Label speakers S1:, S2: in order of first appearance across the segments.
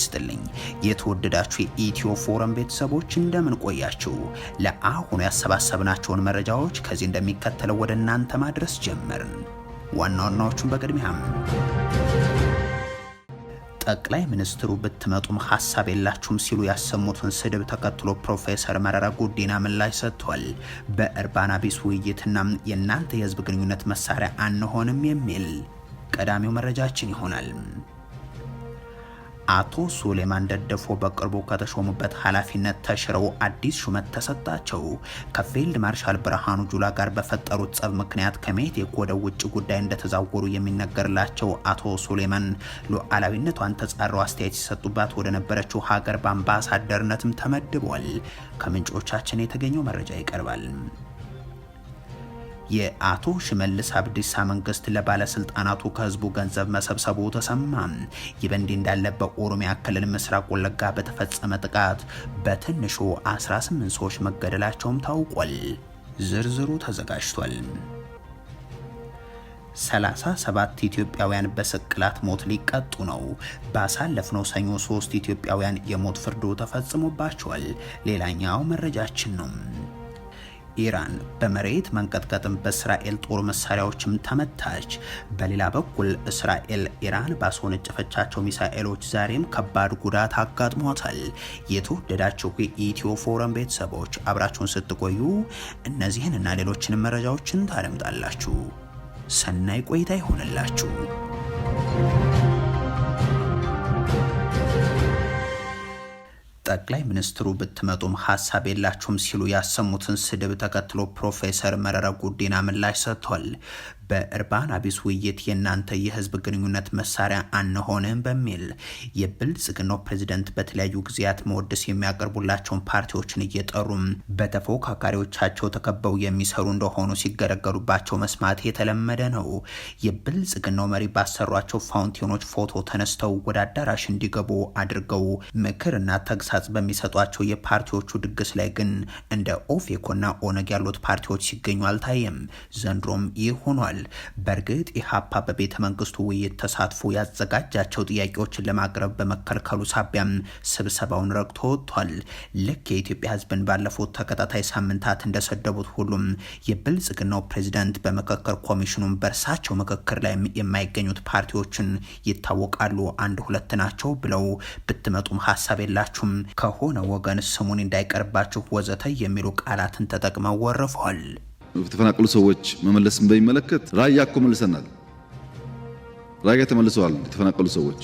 S1: ይስጥልኝ። የተወደዳችሁ የኢትዮ ፎረም ቤተሰቦች እንደምን ቆያችሁ? ለአሁኑ ያሰባሰብናቸውን መረጃዎች ከዚህ እንደሚከተለው ወደ እናንተ ማድረስ ጀመርን። ዋና ዋናዎቹን በቅድሚያም ጠቅላይ ሚኒስትሩ ብትመጡም ሀሳብ የላችሁም ሲሉ ያሰሙትን ስድብ ተከትሎ ፕሮፌሰር መረራ ጉዲና ምላሽ ሰጥቷል። በእርባና ቢስ ውይይትና የእናንተ የህዝብ ግንኙነት መሳሪያ አንሆንም የሚል ቀዳሚው መረጃችን ይሆናል። አቶ ሱሌማን ደደፎ በቅርቡ ከተሾሙበት ኃላፊነት ተሽረው አዲስ ሹመት ተሰጣቸው። ከፊልድ ማርሻል ብርሃኑ ጁላ ጋር በፈጠሩት ጸብ ምክንያት ከሜቴክ ወደ ውጭ ጉዳይ እንደተዛወሩ የሚነገርላቸው አቶ ሱሌማን ሉዓላዊነቷን ተጻረው አስተያየት ሲሰጡባት ወደ ነበረችው ሀገር በአምባሳደርነትም ተመድቧል። ከምንጮቻችን የተገኘው መረጃ ይቀርባል። የአቶ ሽመልስ አብዲሳ መንግስት ለባለስልጣናቱ ከህዝቡ ገንዘብ መሰብሰቡ ተሰማ። ይህ በእንዲህ እንዳለ በኦሮሚያ ክልል ምስራቅ ወለጋ በተፈጸመ ጥቃት በትንሹ 18 ሰዎች መገደላቸውም ታውቋል። ዝርዝሩ ተዘጋጅቷል። 37 ኢትዮጵያውያን በስቅላት ሞት ሊቀጡ ነው። ባሳለፍነው ሰኞ ሶስት ኢትዮጵያውያን የሞት ፍርዱ ተፈጽሞባቸዋል። ሌላኛው መረጃችን ነው። ኢራን በመሬት መንቀጥቀጥም በእስራኤል ጦር መሳሪያዎችም ተመታች። በሌላ በኩል እስራኤል ኢራን ባስወነጨፈቻቸው ሚሳኤሎች ዛሬም ከባድ ጉዳት አጋጥሟታል። የተወደዳችሁ የኢትዮ ፎረም ቤተሰቦች አብራችሁን ስትቆዩ እነዚህን እና ሌሎችንም መረጃዎችን ታደምጣላችሁ። ሰናይ ቆይታ ይሆንላችሁ። ጠቅላይ ሚኒስትሩ ብትመጡም ሀሳብ የላችሁም ሲሉ ያሰሙትን ስድብ ተከትሎ ፕሮፌሰር መረራ ጉዲና ምላሽ ሰጥቷል። በእርባን አቢስ ውይይት የእናንተ የህዝብ ግንኙነት መሳሪያ አንሆንም በሚል የብልጽግናው ፕሬዚደንት በተለያዩ ጊዜያት መወደስ የሚያቀርቡላቸውን ፓርቲዎችን እየጠሩም በተፎካካሪዎቻቸው ተከበው የሚሰሩ እንደሆኑ ሲገለገሉባቸው መስማት የተለመደ ነው። የብልጽግናው መሪ ባሰሯቸው ፋውንቴኖች ፎቶ ተነስተው ወደ አዳራሽ እንዲገቡ አድርገው ምክርና ተግሳጽ በሚሰጧቸው የፓርቲዎቹ ድግስ ላይ ግን እንደ ኦፌኮና ኦነግ ያሉት ፓርቲዎች ሲገኙ አልታየም። ዘንድሮም ይህ ሆኗል። በእርግጥ ኢህአፓ በቤተ መንግስቱ ውይይት ተሳትፎ ያዘጋጃቸው ጥያቄዎችን ለማቅረብ በመከልከሉ ሳቢያም ስብሰባውን ረግቶ ወጥቷል። ልክ የኢትዮጵያ ህዝብን ባለፉት ተከታታይ ሳምንታት እንደሰደቡት ሁሉም የብልጽግናው ፕሬዚደንት በምክክር ኮሚሽኑን በእርሳቸው ምክክር ላይ የማይገኙት ፓርቲዎችን ይታወቃሉ አንድ ሁለት ናቸው ብለው ብትመጡም ሀሳብ የላችሁም ከሆነ ወገን ስሙን እንዳይቀርባችሁ ወዘተ የሚሉ ቃላትን ተጠቅመው ወርፈዋል።
S2: የተፈናቀሉ ሰዎች መመለስን በሚመለከት ራያ እኮ መልሰናል። ራያ ተመልሰዋል የተፈናቀሉ ሰዎች።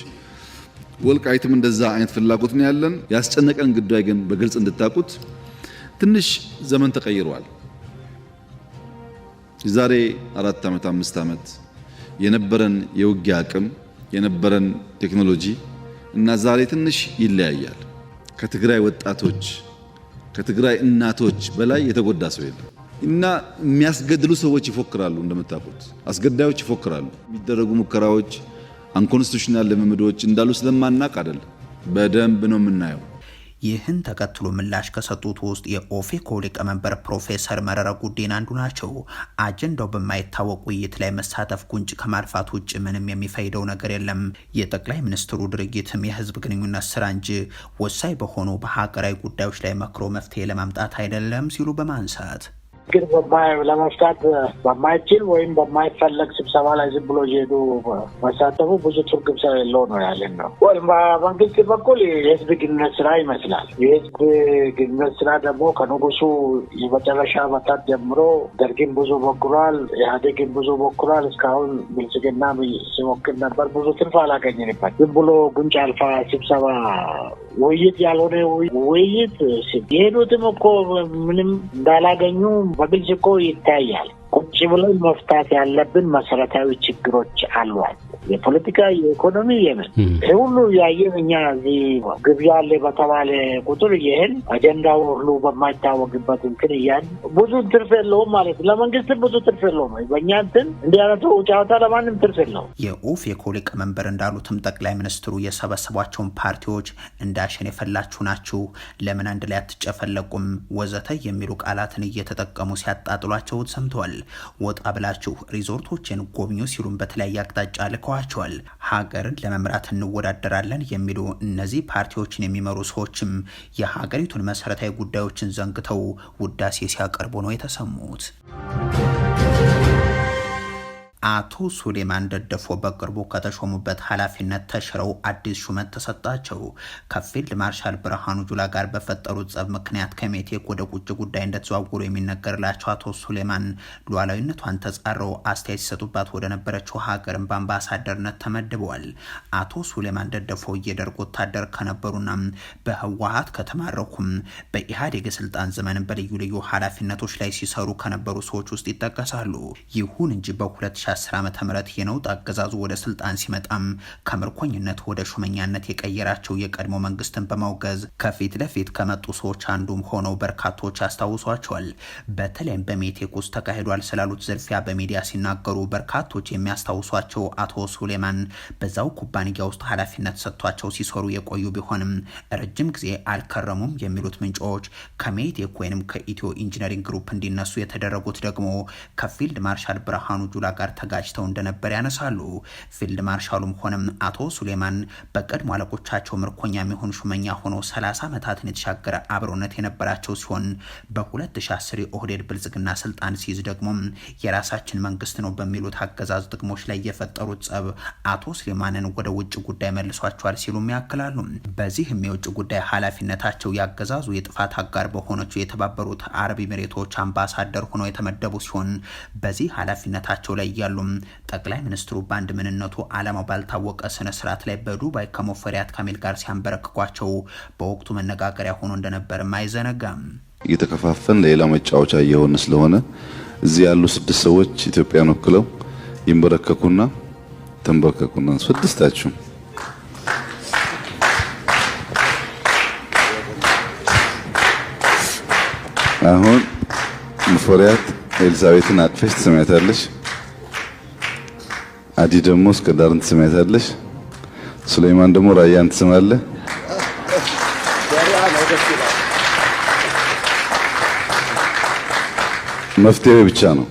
S2: ወልቃይትም እንደዛ አይነት ፍላጎት ነው ያለን። ያስጨነቀን ጉዳይ ግን በግልጽ እንድታቁት ትንሽ ዘመን ተቀይሯል። የዛሬ አራት ዓመት አምስት ዓመት የነበረን የውጊያ አቅም የነበረን ቴክኖሎጂ እና ዛሬ ትንሽ ይለያያል። ከትግራይ ወጣቶች ከትግራይ እናቶች በላይ የተጎዳ ሰው የለም። እና የሚያስገድሉ ሰዎች ይፎክራሉ። እንደምታውቁት አስገዳዮች ይፎክራሉ። የሚደረጉ ሙከራዎች፣ አንኮንስቲቱሽናል ልምምዶች እንዳሉ ስለማናቅ አደለ በደንብ ነው የምናየው።
S1: ይህን ተከትሎ ምላሽ ከሰጡት ውስጥ የኦፌኮ ሊቀመንበር ፕሮፌሰር መረራ ጉዲና አንዱ ናቸው። አጀንዳው በማይታወቅ ውይይት ላይ መሳተፍ ጉንጭ ከማልፋት ውጭ ምንም የሚፈይደው ነገር የለም። የጠቅላይ ሚኒስትሩ ድርጊትም የህዝብ ግንኙነት ስራ እንጂ ወሳኝ በሆኑ በሀገራዊ ጉዳዮች ላይ መክሮ መፍትሄ ለማምጣት አይደለም ሲሉ በማንሳት
S3: ግን ለመፍታት በማይችል ወይም በማይፈለግ ስብሰባ ላይ ዝም ብሎ እየሄዱ መሳተፉ ብዙ ትርጉም ስለሌለው ነው ያለን ነው። በመንግስት በኩል የህዝብ ግንኙነት ስራ ይመስላል። የህዝብ ግንኙነት ስራ ደግሞ ከንጉሱ የመጨረሻ ዓመታት ጀምሮ ደርግን ብዙ ሞክሯል፣ ኢህአዴግን ብዙ ሞክሯል። እስካሁን ብልጽግና ሲሞክር ነበር። ብዙ ትርፍ አላገኘንበት። ዝም ብሎ ጉንጭ አልፋ ስብሰባ ውይይት ያልሆነ ውይይት የሄዱትም እኮ ምንም እንዳላገኙ በግልጽ እኮ ይታያል። ቁጭ ብለን መፍታት ያለብን መሰረታዊ ችግሮች አሏል። የፖለቲካ፣ የኢኮኖሚ የምን ይህ ሁሉ ያየን እኛ እዚህ ግብዣ አለ በተባለ ቁጥር ይህን አጀንዳው ሁሉ በማይታወቅበት እንትን እያል ብዙ ትርፍ የለውም ማለት ለመንግስት ብዙ ትርፍ የለውም። በእኛ እንትን እንዲህ አይነቱ ጨዋታ ለማንም ትርፍ የለው
S1: የለውም። የኦፌኮ መንበር እንዳሉትም ጠቅላይ ሚኒስትሩ የሰበሰቧቸውን ፓርቲዎች እንዳሸን የፈላችሁ ናችሁ፣ ለምን አንድ ላይ አትጨፈለቁም፣ ወዘተ የሚሉ ቃላትን እየተጠቀሙ ሲያጣጥሏቸው ሰምተዋል። ወጣ ብላችሁ ሪዞርቶችን ጎብኙ ሲሉም በተለያየ አቅጣጫ ልከዋል። አድርገዋቸዋል። ሀገርን ለመምራት እንወዳደራለን የሚሉ እነዚህ ፓርቲዎችን የሚመሩ ሰዎችም የሀገሪቱን መሰረታዊ ጉዳዮችን ዘንግተው ውዳሴ ሲያቀርቡ ነው የተሰሙት። አቶ ሱሌማን ደደፎ በቅርቡ ከተሾሙበት ኃላፊነት ተሽረው አዲስ ሹመት ተሰጣቸው። ከፊልድ ማርሻል ብርሃኑ ጁላ ጋር በፈጠሩት ጸብ ምክንያት ከሜቴክ ወደ ውጭ ጉዳይ እንደተዘዋወሩ የሚነገርላቸው አቶ ሱሌማን ሉዓላዊነቷን ተጻረው አስተያየት ሲሰጡባት ወደ ነበረችው ሀገርን በአምባሳደርነት ተመድበዋል። አቶ ሱሌማን ደደፎ የደርግ ወታደር ከነበሩና በህወሀት ከተማረኩም በኢህአዴግ ስልጣን ዘመን በልዩ ልዩ ኃላፊነቶች ላይ ሲሰሩ ከነበሩ ሰዎች ውስጥ ይጠቀሳሉ። ይሁን እንጂ በ 2010 ዓ ም የነውጥ አገዛዙ ወደ ስልጣን ሲመጣም ከምርኮኝነት ወደ ሹመኛነት የቀየራቸው የቀድሞ መንግስትን በማውገዝ ከፊት ለፊት ከመጡ ሰዎች አንዱም ሆነው በርካቶች ያስታውሷቸዋል። በተለይም በሜቴክ ውስጥ ተካሂዷል ስላሉት ዝርፊያ በሚዲያ ሲናገሩ በርካቶች የሚያስታውሷቸው አቶ ሱሌማን በዛው ኩባንያ ውስጥ ኃላፊነት ሰጥቷቸው ሲሰሩ የቆዩ ቢሆንም ረጅም ጊዜ አልከረሙም የሚሉት ምንጮች ከሜቴክ ወይም ከኢትዮ ኢንጂነሪንግ ግሩፕ እንዲነሱ የተደረጉት ደግሞ ከፊልድ ማርሻል ብርሃኑ ጁላ ጋር ተጋጭተው እንደነበር ያነሳሉ። ፊልድ ማርሻሉም ሆነም አቶ ሱሌማን በቀድሞ አለቆቻቸው ምርኮኛ የሚሆን ሹመኛ ሆነው 30 ዓመታትን የተሻገረ አብሮነት የነበራቸው ሲሆን በ2010 የኦህዴድ ብልጽግና ስልጣን ሲይዝ ደግሞ የራሳችን መንግስት ነው በሚሉት አገዛዝ ጥቅሞች ላይ የፈጠሩት ጸብ አቶ ሱሌማንን ወደ ውጭ ጉዳይ መልሷቸዋል ሲሉም ያክላሉ። በዚህም የውጭ ጉዳይ ኃላፊነታቸው ያገዛዙ የጥፋት አጋር በሆነችው የተባበሩት አረብ ኤሚሬቶች አምባሳደር ሆነው የተመደቡ ሲሆን በዚህ ኃላፊነታቸው ላይ ያሳያሉ። ጠቅላይ ሚኒስትሩ በአንድ ምንነቱ ዓላማው ባልታወቀ ስነ ስርዓት ላይ በዱባይ ከሞፈሪያት ካሚል ጋር ሲያንበረክኳቸው በወቅቱ መነጋገሪያ ሆኖ እንደነበርም አይዘነጋም።
S4: እየተከፋፈን ለሌላ መጫወቻ እየሆነ ስለሆነ እዚህ ያሉ ስድስት ሰዎች ኢትዮጵያን ወክለው ይንበረከኩና ተንበረከኩና ስድስታችሁ አሁን ሙፈሪያት ኤልዛቤትን አቅፈሽ ትስማያታለሽ። አዲ ደግሞ እስከ ዳርን ትስማያታለሽ። ሱሌይማን ደግሞ ራያን ትስማለ። መፍትሄ ብቻ ነው።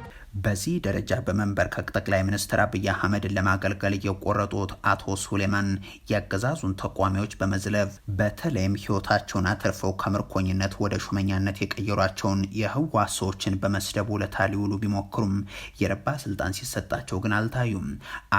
S1: በዚህ ደረጃ በመንበርከክ ጠቅላይ ሚኒስትር አብይ አህመድን ለማገልገል የቆረጡት አቶ ሱሌማን የአገዛዙን ተቋሚዎች በመዝለብ በተለይም ህይወታቸውን አትርፈው ከምርኮኝነት ወደ ሹመኛነት የቀየሯቸውን የህወሓት ሰዎችን በመስደብ ውለታ ሊውሉ ቢሞክሩም የረባ ስልጣን ሲሰጣቸው ግን አልታዩም።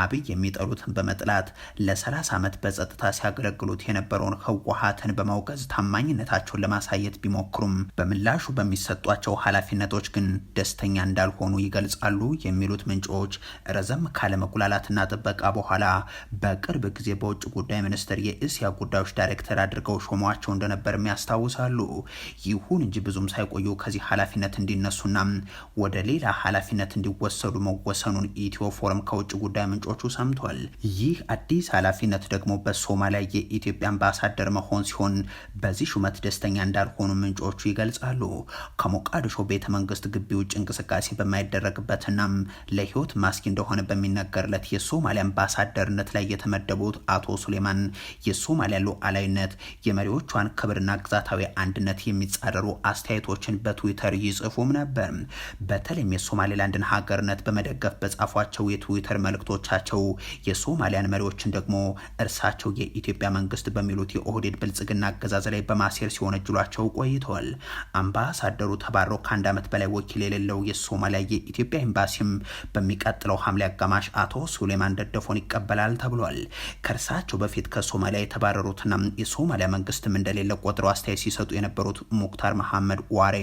S1: አብይ የሚጠሉትን በመጥላት ለ30 ዓመት በጸጥታ ሲያገለግሉት የነበረውን ህዋሃትን በማውገዝ ታማኝነታቸውን ለማሳየት ቢሞክሩም በምላሹ በሚሰጧቸው ኃላፊነቶች ግን ደስተኛ እንዳልሆኑ ይገልጻል። ይገልጻሉ የሚሉት ምንጮች ረዘም ካለመጉላላትና ጥበቃ በኋላ በቅርብ ጊዜ በውጭ ጉዳይ ሚኒስትር የእስያ ጉዳዮች ዳይሬክተር አድርገው ሾሟቸው እንደነበርም ያስታውሳሉ። ይሁን እንጂ ብዙም ሳይቆዩ ከዚህ ኃላፊነት እንዲነሱና ወደ ሌላ ኃላፊነት እንዲወሰዱ መወሰኑን ኢትዮ ፎረም ከውጭ ጉዳይ ምንጮቹ ሰምቷል። ይህ አዲስ ኃላፊነት ደግሞ በሶማሊያ የኢትዮጵያ አምባሳደር መሆን ሲሆን በዚህ ሹመት ደስተኛ እንዳልሆኑ ምንጮቹ ይገልጻሉ። ከሞቃዲሾ ቤተ መንግስት ግቢ ውጭ እንቅስቃሴ በማይደረግ ያለበትና ለህይወት ማስኪ እንደሆነ በሚነገርለት የሶማሊያ አምባሳደርነት ላይ የተመደቡት አቶ ሱሌማን የሶማሊያ ሉዓላዊነት፣ የመሪዎቿን ክብርና ግዛታዊ አንድነት የሚጻረሩ አስተያየቶችን በትዊተር ይጽፉም ነበር። በተለይም የሶማሌላንድን ሀገርነት በመደገፍ በጻፏቸው የትዊተር መልእክቶቻቸው የሶማሊያን መሪዎችን ደግሞ እርሳቸው የኢትዮጵያ መንግስት በሚሉት የኦህዴድ ብልጽግና አገዛዝ ላይ በማሴር ሲወነጅሏቸው ቆይተዋል። አምባሳደሩ ተባረው ከአንድ ዓመት በላይ ወኪል የሌለው የሶማሊያ የኢትዮጵያ የኢትዮጵያ ኤምባሲም በሚቀጥለው ሐምሌ አጋማሽ አቶ ሱሌማን ደደፎን ይቀበላል ተብሏል። ከእርሳቸው በፊት ከሶማሊያ የተባረሩትና የሶማሊያ መንግስትም እንደሌለ ቆጥረው አስተያየት ሲሰጡ የነበሩት ሙክታር መሐመድ ዋሬ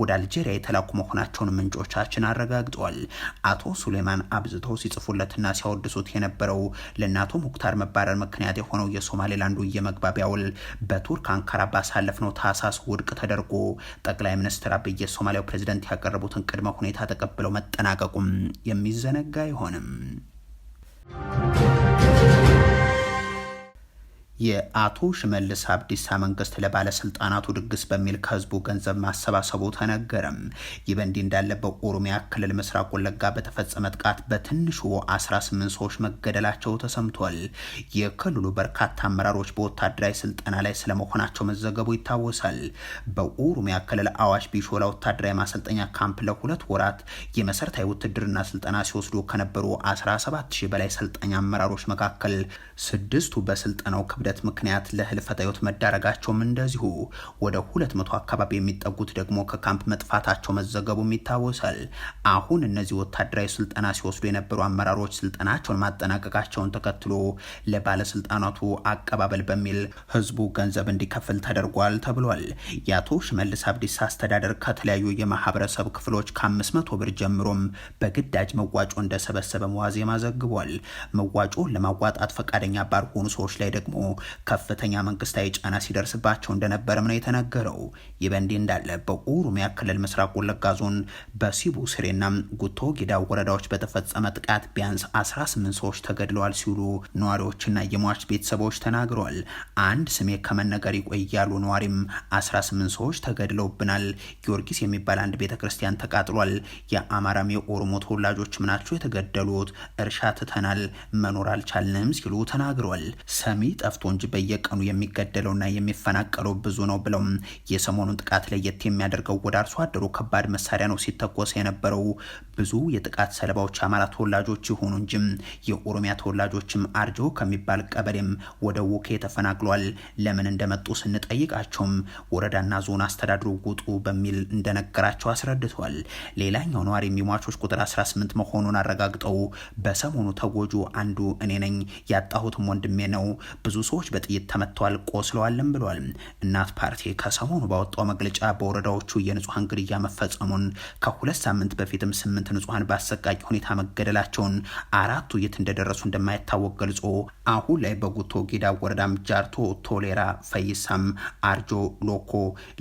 S1: ወደ አልጄሪያ የተላኩ መሆናቸውን ምንጮቻችን አረጋግጠዋል። አቶ ሱሌማን አብዝተው ሲጽፉለትና ሲያወድሱት የነበረው ለእናቶ ሙክታር መባረር ምክንያት የሆነው የሶማሌላንዱ የመግባቢያ ውል በቱርክ አንካራ ባሳለፍነው ታህሳስ ውድቅ ተደርጎ ጠቅላይ ሚኒስትር አብይ የሶማሊያው ፕሬዚደንት ያቀረቡትን ቅድመ ሁኔታ ተቀብለው መጣ መጠናቀቁም የሚዘነጋ አይሆንም። የአቶ ሽመልስ አብዲሳ መንግስት ለባለስልጣናቱ ድግስ በሚል ከህዝቡ ገንዘብ ማሰባሰቡ ተነገረም። ይህ በእንዲህ እንዳለ በኦሮሚያ ክልል ምስራቅ ወለጋ በተፈጸመ ጥቃት በትንሹ 18 ሰዎች መገደላቸው ተሰምቷል። የክልሉ በርካታ አመራሮች በወታደራዊ ስልጠና ላይ ስለመሆናቸው መዘገቡ ይታወሳል። በኦሮሚያ ክልል አዋሽ ቢሾላ ወታደራዊ ማሰልጠኛ ካምፕ ለሁለት ወራት የመሰረታዊ ውትድርና ስልጠና ሲወስዱ ከነበሩ 17 ሺህ በላይ ሰልጣኝ አመራሮች መካከል ስድስቱ በስልጠናው ክብደት በብክለት ምክንያት ለህልፈተ ህይወት መዳረጋቸውም እንደዚሁ ወደ ሁለት መቶ አካባቢ የሚጠጉት ደግሞ ከካምፕ መጥፋታቸው መዘገቡም ይታወሳል። አሁን እነዚህ ወታደራዊ ስልጠና ሲወስዱ የነበሩ አመራሮች ስልጠናቸውን ማጠናቀቃቸውን ተከትሎ ለባለስልጣናቱ አቀባበል በሚል ህዝቡ ገንዘብ እንዲከፍል ተደርጓል ተብሏል። የአቶ ሽመልስ አብዲሳ አስተዳደር ከተለያዩ የማህበረሰብ ክፍሎች ከ500 ብር ጀምሮም በግዳጅ መዋጮ እንደሰበሰበ መዋዜማ ዘግቧል። መዋጮ ለማዋጣት ፈቃደኛ ባልሆኑ ሰዎች ላይ ደግሞ ከፍተኛ መንግስታዊ ጫና ሲደርስባቸው እንደነበርም ነው የተነገረው። ይህ በእንዲህ እንዳለ በኦሮሚያ ክልል ምስራቅ ወለጋ ዞን በሲቡ ስሬና ጉቶ ጊዳ ወረዳዎች በተፈጸመ ጥቃት ቢያንስ 18 ሰዎች ተገድለዋል ሲሉ ነዋሪዎችና የሟች ቤተሰቦች ተናግረዋል። አንድ ስሜ ከመነገር ይቆያሉ ነዋሪም 18 ሰዎች ተገድለውብናል፣ ጊዮርጊስ የሚባል አንድ ቤተ ክርስቲያን ተቃጥሏል፣ የአማራም የኦሮሞ ተወላጆች ምናቸው የተገደሉት፣ እርሻ ትተናል፣ መኖር አልቻልንም ሲሉ ተናግረዋል። ሰሚ ጠፍቶ ተገፍቶ እንጂ በየቀኑ የሚገደለውና የሚፈናቀለው ብዙ ነው ብለው የሰሞኑን ጥቃት ለየት የሚያደርገው ወደ አርሶ አደሩ ከባድ መሳሪያ ነው ሲተኮስ የነበረው። ብዙ የጥቃት ሰለባዎች አማራ ተወላጆች ይሆኑ እንጂ የኦሮሚያ ተወላጆችም አርጆ ከሚባል ቀበሌም ወደ ውኬ ተፈናቅሏል። ለምን እንደመጡ ስንጠይቃቸውም ወረዳና ዞን አስተዳድሩ ውጡ በሚል እንደነገራቸው አስረድቷል። ሌላኛው ነዋሪ የሚሟቾች ቁጥር 18 መሆኑን አረጋግጠው በሰሞኑ ተጎጆ አንዱ እኔ ነኝ ያጣሁትም ወንድሜ ነው ብዙ ሰው ሰዎች በጥይት ተመተዋል፣ ቆስለዋልም ብሏል። እናት ፓርቲ ከሰሞኑ ባወጣው መግለጫ በወረዳዎቹ የንጹሐን ግድያ መፈጸሙን ከሁለት ሳምንት በፊትም ስምንት ንጹሐን በአሰቃቂ ሁኔታ መገደላቸውን አራቱ የት እንደደረሱ እንደማይታወቅ ገልጾ አሁን ላይ በጉቶ ጌዳ ወረዳም ጃርቶ፣ ቶሌራ፣ ፈይሳም፣ አርጆ፣ ሎኮ፣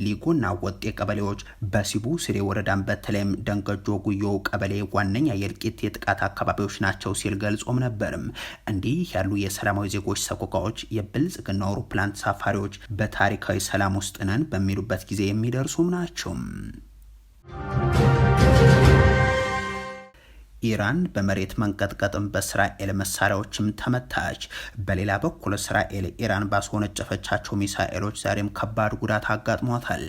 S1: ሊጎና ወጤ ቀበሌዎች በሲቡ ስሬ ወረዳም በተለይም ደንገጆ ጉዮ ቀበሌ ዋነኛ የእልቂት የጥቃት አካባቢዎች ናቸው ሲል ገልጾም ነበርም። እንዲህ ያሉ የሰላማዊ ዜጎች ሰቆቃዎች የብልጽግና አውሮፕላን ተሳፋሪዎች በታሪካዊ ሰላም ውስጥ ነን በሚሉበት ጊዜ የሚደርሱም ናቸው። ኢራን በመሬት መንቀጥቀጥም በእስራኤል መሳሪያዎችም ተመታች። በሌላ በኩል እስራኤል ኢራን ባስወነጨፈቻቸው ሚሳኤሎች ዛሬም ከባድ ጉዳት አጋጥሟታል።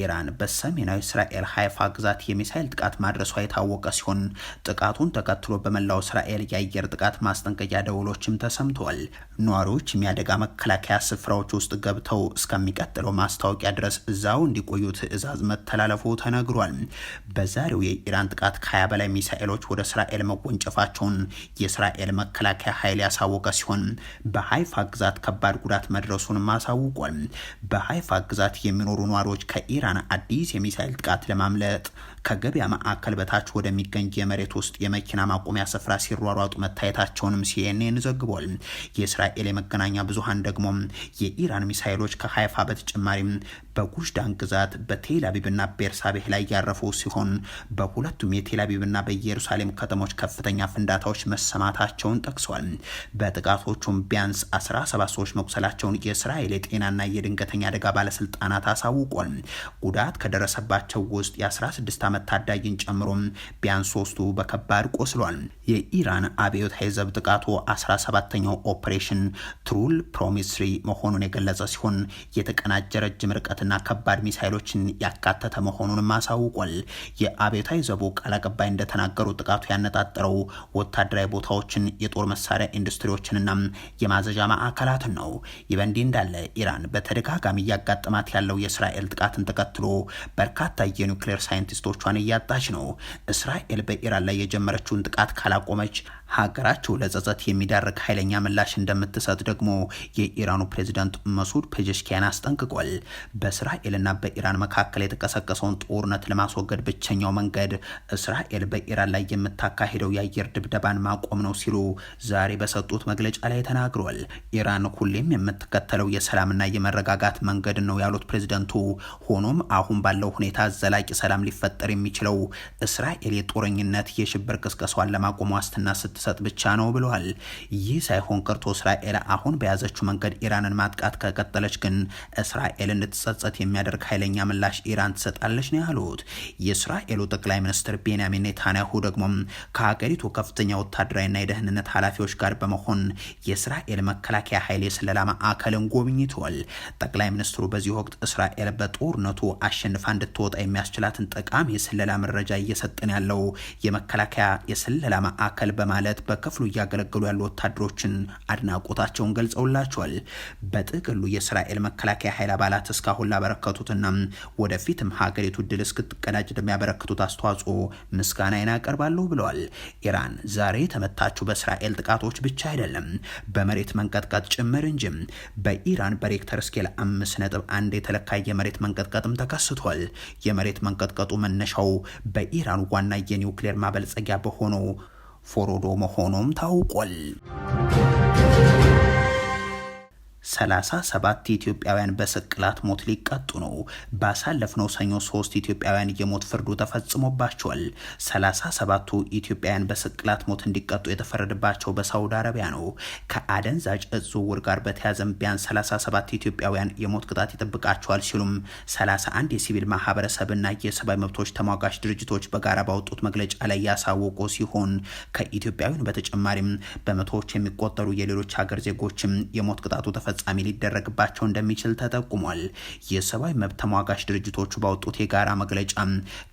S1: ኢራን በሰሜናዊ እስራኤል ሀይፋ ግዛት የሚሳኤል ጥቃት ማድረሷ የታወቀ ሲሆን ጥቃቱን ተከትሎ በመላው እስራኤል የአየር ጥቃት ማስጠንቀቂያ ደውሎችም ተሰምተዋል። ነዋሪዎች የሚያደጋ መከላከያ ስፍራዎች ውስጥ ገብተው እስከሚቀጥለው ማስታወቂያ ድረስ እዛው እንዲቆዩ ትዕዛዝ መተላለፉ ተነግሯል። በዛሬው የኢራን ጥቃት ከሀያ በላይ ሚሳኤሎች ወደ ከእስራኤል መጎንጨፋቸውን የእስራኤል መከላከያ ኃይል ያሳወቀ ሲሆን በሀይፋ ግዛት ከባድ ጉዳት መድረሱንም አሳውቋል። በሀይፋ ግዛት የሚኖሩ ነዋሪዎች ከኢራን አዲስ የሚሳይል ጥቃት ለማምለጥ ከገበያ ማዕከል በታች ወደሚገኝ የመሬት ውስጥ የመኪና ማቆሚያ ስፍራ ሲሯሯጡ መታየታቸውንም ሲኤንኤን ዘግቧል። የእስራኤል የመገናኛ ብዙሃን ደግሞ የኢራን ሚሳይሎች ከሀይፋ በተጨማሪም በጉጅዳን ግዛት በቴልአቪቭና ቤርሳቤህ ላይ ያረፉ ሲሆን በሁለቱም የቴልአቪቭና በኢየሩሳሌም ከተሞች ከፍተኛ ፍንዳታዎች መሰማታቸውን ጠቅሷል። በጥቃቶቹም ቢያንስ 17 ሰዎች መቁሰላቸውን የእስራኤል የጤናና የድንገተኛ አደጋ ባለስልጣናት አሳውቋል። ጉዳት ከደረሰባቸው ውስጥ የ16 ዓመት ታዳጊን ጨምሮ ቢያንስ ሶስቱ በከባድ ቆስሏል። የኢራን አብዮት ሄዘብ ጥቃቱ 17ተኛው ኦፕሬሽን ትሩል ፕሮሚስሪ መሆኑን የገለጸ ሲሆን የተቀናጀ ረጅም ርቀት እና ከባድ ሚሳይሎችን ያካተተ መሆኑንም አሳውቋል። የአብዮታዊ ዘቡ ቃል አቀባይ እንደተናገሩ ጥቃቱ ያነጣጠረው ወታደራዊ ቦታዎችን፣ የጦር መሳሪያ ኢንዱስትሪዎችንና የማዘዣ ማዕከላትን ነው። ይህ በእንዲህ እንዳለ ኢራን በተደጋጋሚ እያጋጠማት ያለው የእስራኤል ጥቃትን ተከትሎ በርካታ የኒውክሌር ሳይንቲስቶቿን እያጣች ነው። እስራኤል በኢራን ላይ የጀመረችውን ጥቃት ካላቆመች ሀገራቸው ለጸጸት የሚዳርግ ኃይለኛ ምላሽ እንደምትሰጥ ደግሞ የኢራኑ ፕሬዚደንት መሱድ ፔጀሽኪያን አስጠንቅቋል። በእስራኤልና በኢራን መካከል የተቀሰቀሰውን ጦርነት ለማስወገድ ብቸኛው መንገድ እስራኤል በኢራን ላይ የምታካሄደው የአየር ድብደባን ማቆም ነው ሲሉ ዛሬ በሰጡት መግለጫ ላይ ተናግሯል። ኢራን ሁሌም የምትከተለው የሰላምና የመረጋጋት መንገድ ነው ያሉት ፕሬዚደንቱ፣ ሆኖም አሁን ባለው ሁኔታ ዘላቂ ሰላም ሊፈጠር የሚችለው እስራኤል የጦረኝነት የሽብር ቅስቀሳዋን ለማቆም ዋስትና ስት ስትሰጥ ብቻ ነው ብለዋል። ይህ ሳይሆን ቀርቶ እስራኤል አሁን በያዘችው መንገድ ኢራንን ማጥቃት ከቀጠለች ግን እስራኤል እንድትጸጸት የሚያደርግ ኃይለኛ ምላሽ ኢራን ትሰጣለች ነው ያሉት። የእስራኤሉ ጠቅላይ ሚኒስትር ቤንያሚን ኔታንያሁ ደግሞ ከሀገሪቱ ከፍተኛ ወታደራዊና የደህንነት ኃላፊዎች ጋር በመሆን የእስራኤል መከላከያ ኃይል የስለላ ማዕከልን ጎብኝተዋል። ጠቅላይ ሚኒስትሩ በዚህ ወቅት እስራኤል በጦርነቱ አሸንፋ እንድትወጣ የሚያስችላትን ጠቃሚ የስለላ መረጃ እየሰጠን ያለው የመከላከያ የስለላ ማዕከል በማለት በማለት በክፍሉ እያገለገሉ ያሉ ወታደሮችን አድናቆታቸውን ገልጸውላቸዋል። በጥቅሉ የእስራኤል መከላከያ ኃይል አባላት እስካሁን ላበረከቱትና ወደፊትም ሀገሪቱ ድል እስክትቀዳጅ ለሚያበረክቱት አስተዋጽኦ ምስጋናዬን አቀርባለሁ ብለዋል። ኢራን ዛሬ የተመታችው በእስራኤል ጥቃቶች ብቻ አይደለም፣ በመሬት መንቀጥቀጥ ጭምር እንጂ። በኢራን በሬክተር ስኬል አምስት ነጥብ አንድ የተለካ የመሬት መንቀጥቀጥም ተከስቷል። የመሬት መንቀጥቀጡ መነሻው በኢራን ዋና የኒውክሌር ማበልጸጊያ በሆነው ፎሮዶ መሆኑም ታውቋል። 37 ኢትዮጵያውያን በስቅላት ሞት ሊቀጡ ነው። ባሳለፍነው ሰኞ ሶስት ኢትዮጵያውያን የሞት ፍርዱ ተፈጽሞባቸዋል። 37 ሰባቱ ኢትዮጵያውያን በስቅላት ሞት እንዲቀጡ የተፈረደባቸው በሳውዲ አረቢያ ነው። ከአደንዛዥ እጽ ዝውውር ጋር በተያዘም ቢያንስ 37 ኢትዮጵያውያን የሞት ቅጣት ይጠብቃቸዋል ሲሉም 31 የሲቪል ማህበረሰብና የሰብአዊ መብቶች ተሟጋች ድርጅቶች በጋራ ባወጡት መግለጫ ላይ ያሳወቁ ሲሆን ከኢትዮጵያውያን በተጨማሪም በመቶዎች የሚቆጠሩ የሌሎች ሀገር ዜጎችም የሞት ቅጣቱ ተፈ ተፈጻሚ ሊደረግባቸው እንደሚችል ተጠቁሟል። የሰብአዊ መብት ተሟጋች ድርጅቶቹ ባወጡት የጋራ መግለጫ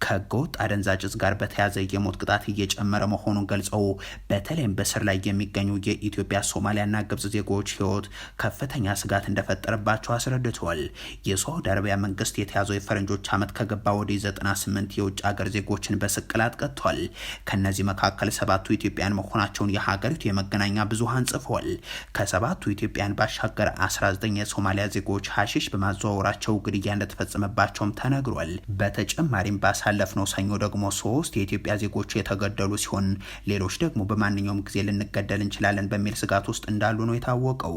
S1: ከህገወጥ አደንዛዥ እጽ ጋር በተያዘ የሞት ቅጣት እየጨመረ መሆኑን ገልጸው በተለይም በስር ላይ የሚገኙ የኢትዮጵያ ሶማሊያና ግብጽ ዜጎች ህይወት ከፍተኛ ስጋት እንደፈጠረባቸው አስረድተዋል። የሳውዲ አረቢያ መንግስት የተያዘው የፈረንጆች ዓመት ከገባ ወደ 98 የውጭ ሀገር ዜጎችን በስቅላት ቀጥቷል። ከእነዚህ መካከል ሰባቱ ኢትዮጵያን መሆናቸውን የሀገሪቱ የመገናኛ ብዙሃን ጽፏል። ከሰባቱ ኢትዮጵያን ባሻገር 19 የሶማሊያ ዜጎች ሀሺሽ በማዘዋወራቸው ግድያ እንደተፈጸመባቸውም ተነግሯል። በተጨማሪም ባሳለፍነው ሰኞ ደግሞ ሶስት የኢትዮጵያ ዜጎች የተገደሉ ሲሆን ሌሎች ደግሞ በማንኛውም ጊዜ ልንገደል እንችላለን በሚል ስጋት ውስጥ እንዳሉ ነው የታወቀው።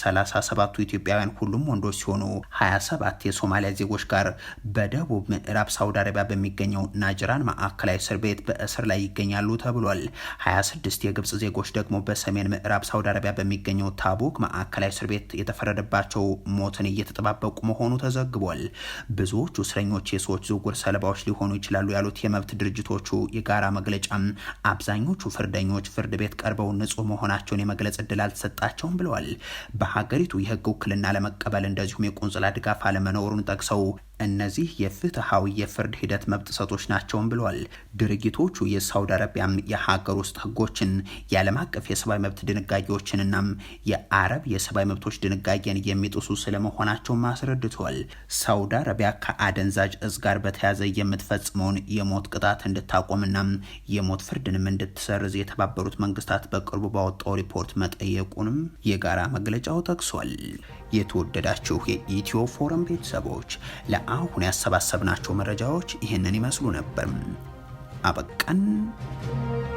S1: 37ቱ ኢትዮጵያውያን ሁሉም ወንዶች ሲሆኑ 27 የሶማሊያ ዜጎች ጋር በደቡብ ምዕራብ ሳውዲ አረቢያ በሚገኘው ናጅራን ማዕከላዊ እስር ቤት በእስር ላይ ይገኛሉ ተብሏል። 26 የግብጽ ዜጎች ደግሞ በሰሜን ምዕራብ ሳውዲ አረቢያ በሚገኘው ታቡክ ማዕከላዊ እስር ቤት የተፈረደባቸው ሞትን እየተጠባበቁ መሆኑ ተዘግቧል። ብዙዎቹ እስረኞች የሰዎች ዝውውር ሰለባዎች ሊሆኑ ይችላሉ ያሉት የመብት ድርጅቶቹ የጋራ መግለጫ አብዛኞቹ ፍርደኞች ፍርድ ቤት ቀርበው ንጹህ መሆናቸውን የመግለጽ እድል አልተሰጣቸውም ብለዋል። በሀገሪቱ የህግ ውክልና ለመቀበል እንደዚሁም የቆንጽላ ድጋፍ አለመኖሩን ጠቅሰው እነዚህ የፍትሐዊ የፍርድ ሂደት መብጥሰቶች ናቸውም ብሏል። ድርጊቶቹ የሳውዲ አረቢያም የሀገር ውስጥ ህጎችን የዓለም አቀፍ የሰብአዊ መብት ድንጋጌዎችንናም የአረብ የሰብአዊ መብቶች ድንጋጌን የሚጥሱ ስለመሆናቸውም አስረድተዋል። ሳውዲ አረቢያ ከአደንዛዥ እጽ ጋር በተያዘ የምትፈጽመውን የሞት ቅጣት እንድታቆምና የሞት ፍርድንም እንድትሰርዝ የተባበሩት መንግስታት በቅርቡ ባወጣው ሪፖርት መጠየቁንም የጋራ መግለጫው ጠቅሷል። የተወደዳችሁ የኢትዮ ፎረም ቤተሰቦች አሁን ያሰባሰብናቸው መረጃዎች ይህንን ይመስሉ ነበር። አበቃን።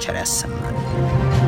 S1: ቸር ያሰማን።